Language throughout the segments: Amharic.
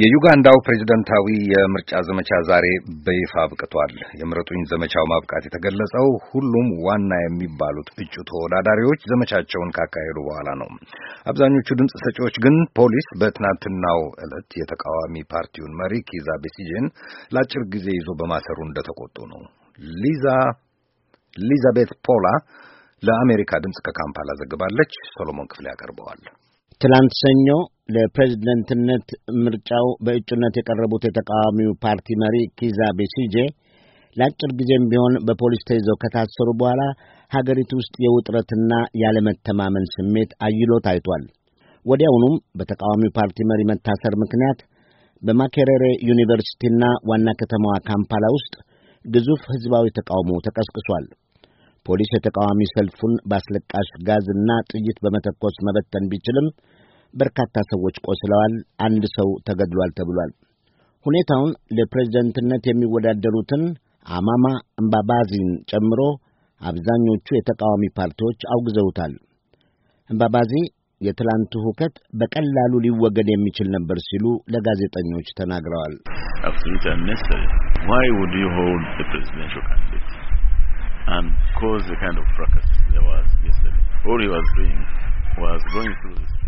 የዩጋንዳው ፕሬዝደንታዊ የምርጫ ዘመቻ ዛሬ በይፋ አብቅቷል። የምረጡኝ ዘመቻው ማብቃት የተገለጸው ሁሉም ዋና የሚባሉት እጩ ተወዳዳሪዎች ዘመቻቸውን ካካሄዱ በኋላ ነው። አብዛኞቹ ድምፅ ሰጪዎች ግን ፖሊስ በትናንትናው ዕለት የተቃዋሚ ፓርቲውን መሪ ኪዛ ቤሲጄን ለአጭር ጊዜ ይዞ በማሰሩ እንደተቆጡ ነው። ሊዛ ሊዛቤት ፖላ ለአሜሪካ ድምፅ ከካምፓላ ዘግባለች። ሶሎሞን ክፍሌ ያቀርበዋል። ትላንት ሰኞ ለፕሬዝደንትነት ምርጫው በእጩነት የቀረቡት የተቃዋሚው ፓርቲ መሪ ኪዛ ቤሲጄ ለአጭር ጊዜም ቢሆን በፖሊስ ተይዘው ከታሰሩ በኋላ ሀገሪቱ ውስጥ የውጥረትና ያለመተማመን ስሜት አይሎ ታይቷል። ወዲያውኑም በተቃዋሚው ፓርቲ መሪ መታሰር ምክንያት በማኬሬሬ ዩኒቨርሲቲና ዋና ከተማዋ ካምፓላ ውስጥ ግዙፍ ሕዝባዊ ተቃውሞ ተቀስቅሷል። ፖሊስ የተቃዋሚ ሰልፉን በአስለቃሽ ጋዝና ጥይት በመተኮስ መበተን ቢችልም በርካታ ሰዎች ቆስለዋል፣ አንድ ሰው ተገድሏል ተብሏል። ሁኔታውን ለፕሬዝደንትነት የሚወዳደሩትን አማማ እምባባዚን ጨምሮ አብዛኞቹ የተቃዋሚ ፓርቲዎች አውግዘውታል። እምባባዚ የትላንቱ ሁከት በቀላሉ ሊወገድ የሚችል ነበር ሲሉ ለጋዜጠኞች ተናግረዋል።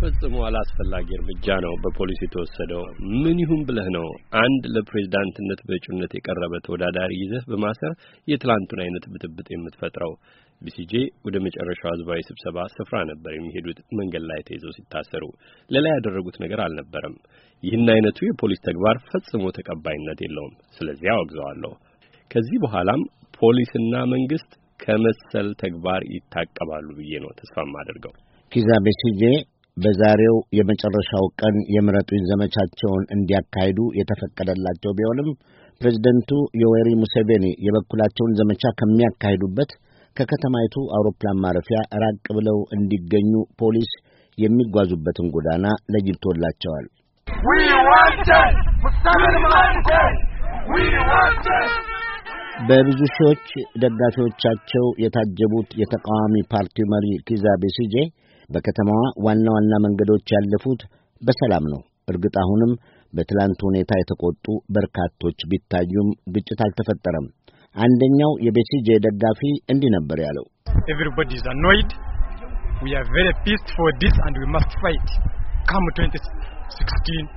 ፈጽሞ አላስፈላጊ እርምጃ ነው በፖሊስ የተወሰደው። ምን ይሁን ብለህ ነው አንድ ለፕሬዚዳንትነት በእጩነት የቀረበ ተወዳዳሪ ይዘህ በማሰር የትላንቱን አይነት ብጥብጥ የምትፈጥረው? ቢሲጄ ወደ መጨረሻው ህዝባዊ ስብሰባ ስፍራ ነበር የሚሄዱት። መንገድ ላይ ተይዘው ሲታሰሩ ሌላ ያደረጉት ነገር አልነበረም። ይህን አይነቱ የፖሊስ ተግባር ፈጽሞ ተቀባይነት የለውም። ስለዚህ አወግዘዋለሁ። ከዚህ በኋላም ፖሊስና መንግስት ከመሰል ተግባር ይታቀባሉ ብዬ ነው ተስፋ የማደርገው። ኪዛ ቤሲጄ በዛሬው የመጨረሻው ቀን የምረጡኝ ዘመቻቸውን እንዲያካሂዱ የተፈቀደላቸው ቢሆንም ፕሬዚደንቱ ዮዌሪ ሙሴቬኒ የበኩላቸውን ዘመቻ ከሚያካሂዱበት ከከተማይቱ አውሮፕላን ማረፊያ ራቅ ብለው እንዲገኙ ፖሊስ የሚጓዙበትን ጎዳና ለይቶላቸዋል። በብዙ ሺዎች ደጋፊዎቻቸው የታጀቡት የተቃዋሚ ፓርቲው መሪ ኪዛ ቤሲጄ በከተማዋ ዋና ዋና መንገዶች ያለፉት በሰላም ነው። እርግጥ አሁንም በትላንት ሁኔታ የተቆጡ በርካቶች ቢታዩም ግጭት አልተፈጠረም። አንደኛው የቤሲጅ ደጋፊ እንዲህ ነበር ያለው። ኤቭሪቦዲ ኢዝ አኖይድ ዊ አር ቬሪ ፒስድ ፎር ዲስ አንድ ዊ ማስት ፋይት ካም 2016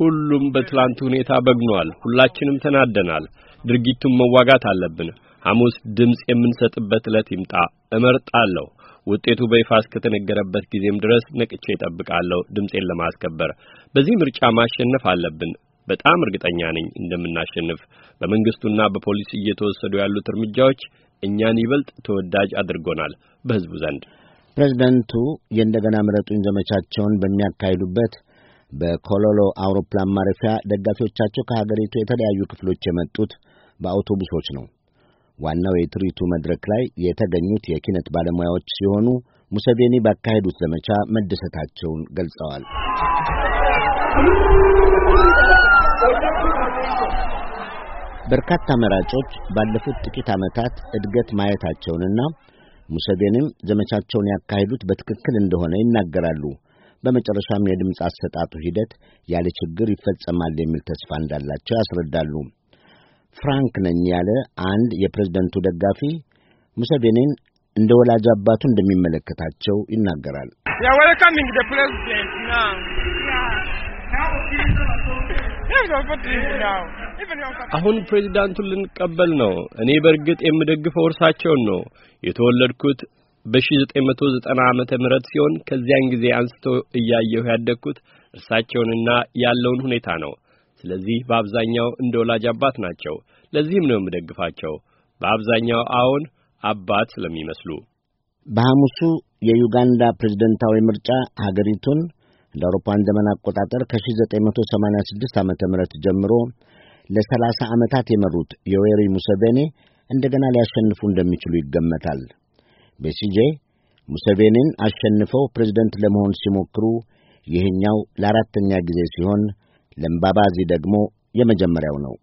ሁሉም በትላንት ሁኔታ በግኗል። ሁላችንም ተናደናል። ድርጊቱን መዋጋት አለብን። ሐሙስ ድምፅ የምንሰጥበት ዕለት ይምጣ እመርጣለሁ። ውጤቱ በይፋ እስከተነገረበት ጊዜም ድረስ ነቅቼ እጠብቃለሁ ድምፄን ለማስከበር። በዚህ ምርጫ ማሸነፍ አለብን። በጣም እርግጠኛ ነኝ እንደምናሸንፍ። በመንግስቱና በፖሊስ እየተወሰዱ ያሉት እርምጃዎች እኛን ይበልጥ ተወዳጅ አድርጎናል በህዝቡ ዘንድ። ፕሬዚደንቱ የእንደገና ምረጡኝ ዘመቻቸውን በሚያካሂዱበት በኮሎሎ አውሮፕላን ማረፊያ ደጋፊዎቻቸው ከሀገሪቱ የተለያዩ ክፍሎች የመጡት በአውቶቡሶች ነው። ዋናው የትርኢቱ መድረክ ላይ የተገኙት የኪነት ባለሙያዎች ሲሆኑ ሙሰቬኒ ባካሄዱት ዘመቻ መደሰታቸውን ገልጸዋል። በርካታ መራጮች ባለፉት ጥቂት ዓመታት እድገት ማየታቸውንና ሙሰቬኒም ዘመቻቸውን ያካሄዱት በትክክል እንደሆነ ይናገራሉ። በመጨረሻም የድምፅ አሰጣጡ ሂደት ያለ ችግር ይፈጸማል የሚል ተስፋ እንዳላቸው ያስረዳሉ። ፍራንክ ነኝ ያለ አንድ የፕሬዝደንቱ ደጋፊ ሙሴቬኒን እንደ ወላጅ አባቱ እንደሚመለከታቸው ይናገራል። አሁን ፕሬዚዳንቱን ልንቀበል ነው። እኔ በእርግጥ የምደግፈው እርሳቸውን ነው። የተወለድኩት በ1990 ዓመተ ምህረት ሲሆን ከዚያን ጊዜ አንስቶ እያየሁ ያደግኩት እርሳቸውንና ያለውን ሁኔታ ነው። ስለዚህ በአብዛኛው እንደ ወላጅ አባት ናቸው። ለዚህም ነው የምደግፋቸው። በአብዛኛው አዎን አባት ስለሚመስሉ። በሐሙሱ የዩጋንዳ ፕሬዝደንታዊ ምርጫ ሀገሪቱን እንደ አውሮፓን ዘመን አቆጣጠር ከ1986 ዓ ም ጀምሮ ለ30 ዓመታት የመሩት ዮዌሪ ሙሴቬኒ እንደገና ሊያሸንፉ እንደሚችሉ ይገመታል። ቤሲጄ ሙሴቬኒን አሸንፈው ፕሬዝደንት ለመሆን ሲሞክሩ ይህኛው ለአራተኛ ጊዜ ሲሆን ለምባባዚ ደግሞ የመጀመሪያው ነው።